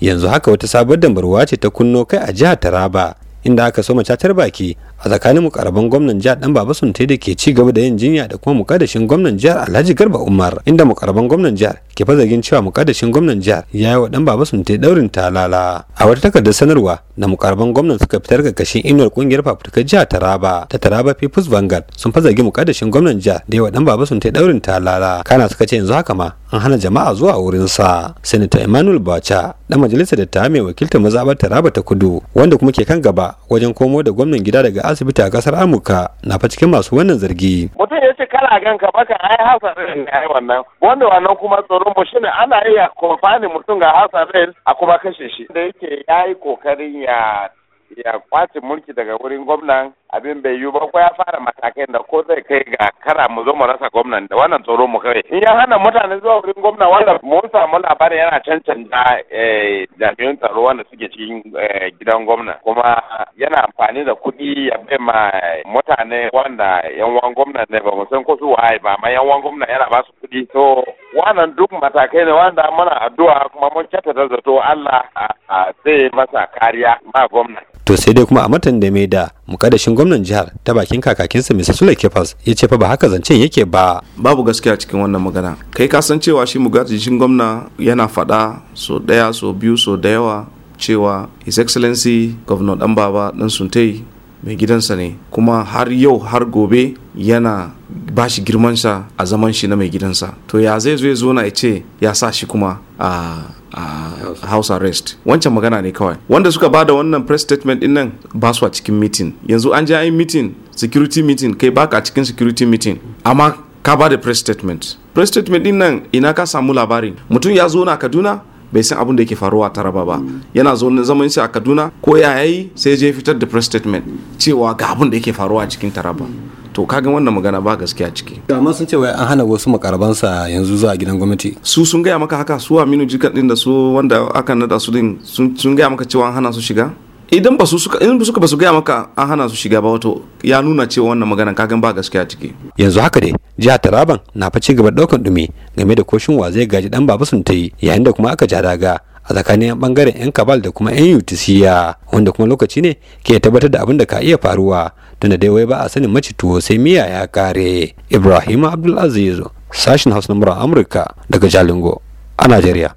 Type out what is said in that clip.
yanzu haka wata sabuwar dambarwa ce ta kunno kai a jihar taraba inda aka soma catar baki a tsakanin mukarraban gwamnan jihar dan baba sunte da ke ci gaba da yin jinya da kuma mukaddashin gwamnan jihar alhaji garba umar inda mukarraban gwamnan jihar ke fazagin cewa mukaddashin gwamnan jihar ya yi wa dan baba sunte daurin talala a wata takardar sanarwa da mukarraban gwamnan suka fitar ga kashin inuwar kungiyar fafutukar jihar taraba ta taraba people's vanguard sun fazagi mukaddashin gwamnan jihar da yawa wa dan baba sunte daurin talala kana suka ce yanzu haka ma an hana jama'a zuwa wurinsa senator emmanuel bacha dan majalisar ta mai wakiltar mazabar taraba ta kudu wanda kuma ke kan gaba wajen komo da gwamnan gida daga asibiti a kasar amurka na fa cikin masu wannan zargi mutum ya ce kana gan ka baka ai rai ne ai wannan wanda wannan kuma tsoron mu shine ana iya kofani mutum ga rai a kuma kashe shi da yake yayi kokarin ya ya kwace mulki daga wurin gwamnan abin bai yiwu ba ko ya fara matakai da ko zai kai ga kara mu zo mu rasa gwamnan da wannan tsoro mu kawai in ya hana mutane zuwa wurin gwamna wanda mun samu labarin yana cancanta eh, jami'un tsaro wanda suke cikin eh, gidan gwamna kuma yana amfani da kuɗi ya bai ma mutane wanda yan wan gwamna ne ba mu san ko su waye ba amma yan wan gwamna yana ba su kuɗi to wannan duk matakai ne wanda muna addu'a kuma mun kyatata zato Allah a sai masa kariya ma gwamna to sai dai kuma a matan da mai da mukaddashin gwamnan jihar ta bakin kakakin kakakinsa Mr. Sule Kefas ya ce fa ba haka zance yake ba babu gaskiya cikin wannan magana kai ka san cewa shi mukaddashin gwamna yana faɗa so ɗaya so biyu so da yawa cewa his excellency governor dan baba dan suntai mai gidansa ne kuma har yau har gobe yana ba shi sa a zaman shi na mai gidansa to ya zai zo ya zo na ya ce ya sa shi kuma a house arrest wancan magana ne kawai wanda suka bada wannan press statement din nan ba su a cikin meeting yanzu an ji an yi meeting security meeting kai baka a cikin security meeting amma ka bada press statement press statement din nan ina ka samu labarin mutum ya zo na kaduna bai san abin da yake faruwa a taraba ba yana zo zaman shi a kaduna ko ya yi sai je fitar da press statement cewa ga abin da yake faruwa a cikin taraba to kaga wannan magana ba gaskiya ciki amma sun ce wai an hana wasu makarabansa yanzu zuwa gidan gwamnati su sun gaya maka haka su aminu jikar din da su wanda aka nada su din sun gaya maka cewa an hana su shiga idan ba su suka in suka ba su gaya maka an hana su shiga ba wato ya nuna cewa wannan magana kagan ba gaskiya ciki yanzu haka dai jihar taraban na fice gaba daukan dumi game da koshin wa zai gaji dan baba sun ta yayin da kuma aka ja daga a tsakanin bangaren 'yan kabal da kuma 'yan utc wanda kuma lokaci ne ke tabbatar da abin da ka iya faruwa tunda dai wai ba a sanin mace tuwo sai miya ya kare ibrahim abdulaziz sashin hausa na amurka daga jalingo a najeriya